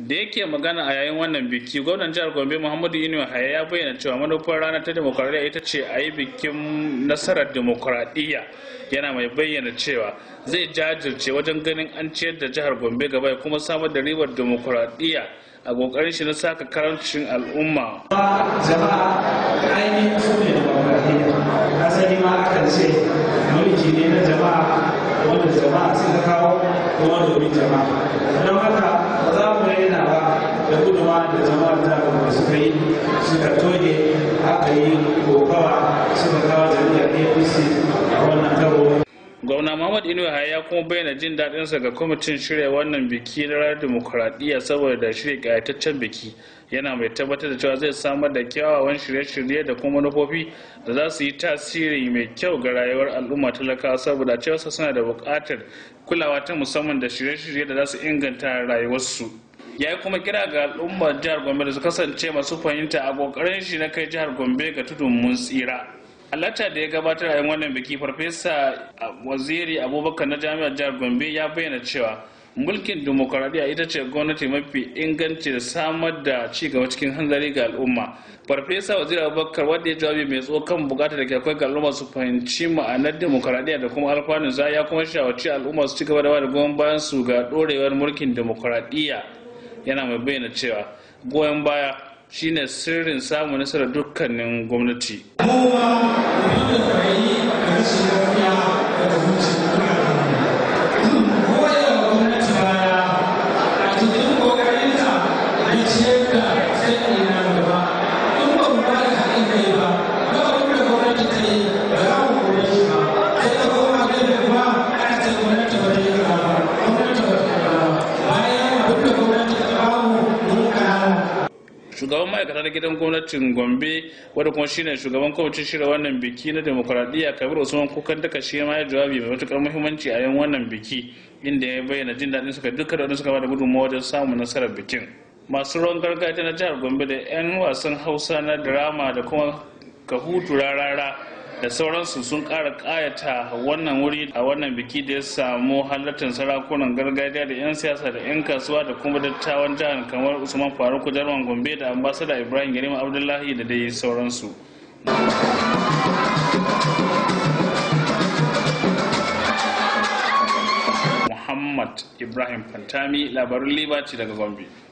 da yake magana a yayin wannan biki gwamnan jihar gombe muhammadu inu haya ya bayyana cewa manufar rana ta demokuraɗiyya ita ce a yi bikin nasarar demokuraɗiyya yana mai bayyana cewa zai jajirce wajen ganin an ciyar da jihar gombe gaba kuma samar da ribar demokuraɗiyya a kokarin shi na saka karancin al'umma jama'a ainihin su ne da ma akan ce mulki ne na jama'a wanda jama'a suka kawo kuma domin jama'a don haka ba za mu raina ba da gudunma da jama'ar da ba suka yi suka toge aka yi kokawa suka kawo jami'ar apc a wannan karo gwamna muhammad inu ya kuma bayyana jin daɗinsa ga kwamitin shirya wannan biki na ranar demokuraɗiyya saboda shirya ƙayataccen biki yana mai tabbatar da cewa zai samar da kyawawan shirye-shirye da kuma manufofi da za su yi tasiri mai kyau ga rayuwar al'umma talakawa saboda su suna da buƙatar kulawa ta musamman da shirye-shirye da za su inganta rayuwarsu ya yi kuma kira ga al'ummar jihar gombe da su kasance masu fahimta a ƙoƙarin shi na kai jihar gombe ga tudun mun tsira Alata da ya gabatar a yin wannan biki farfesa waziri abubakar na jami'ar jihar Gombe ya bayyana cewa mulkin demokaradiyya ita ce gwamnati mafi inganci da samar da ci gaba cikin hanzari ga al'umma farfesa waziri abubakar wanda ya jawabi mai kan bukata da ke akwai ga al'umma su fahimci ma'anar demokaradiyya da kuma alfanun za ya kuma shawarci al'umma su ci gaba da bada goyon bayan su ga ɗorewar mulkin demokaradiyya yana mai bayyana cewa goyon baya shine sirrin samun nasarar dukkanin gwamnati. shugaban ma'aikata na gidan gwamnatin gombe wadda kuma shine shugaban kwamitin shirya wannan biki na demokuraɗiyya kabir usman kukan daga shi ma ya jawabi mai matukar muhimmanci a yan wannan biki inda ya bayyana jin daɗin suka dukkan wani suka bada gudunmawa wajen samun nasarar bikin masu ruwan gargajiya na jihar gombe da 'yan wasan hausa na drama da kuma kahutu rarara da sauransu sun ƙara ƙayata wannan wuri a wannan biki da ya samu halartar sarakunan gargajiya da 'yan siyasa da 'yan kasuwa da kuma dattawan jihar kamar usman faruk jarman gombe da ambasada ibrahim garima abdullahi da dai sauransu muhammad ibrahim fantami labarin libaci daga gombe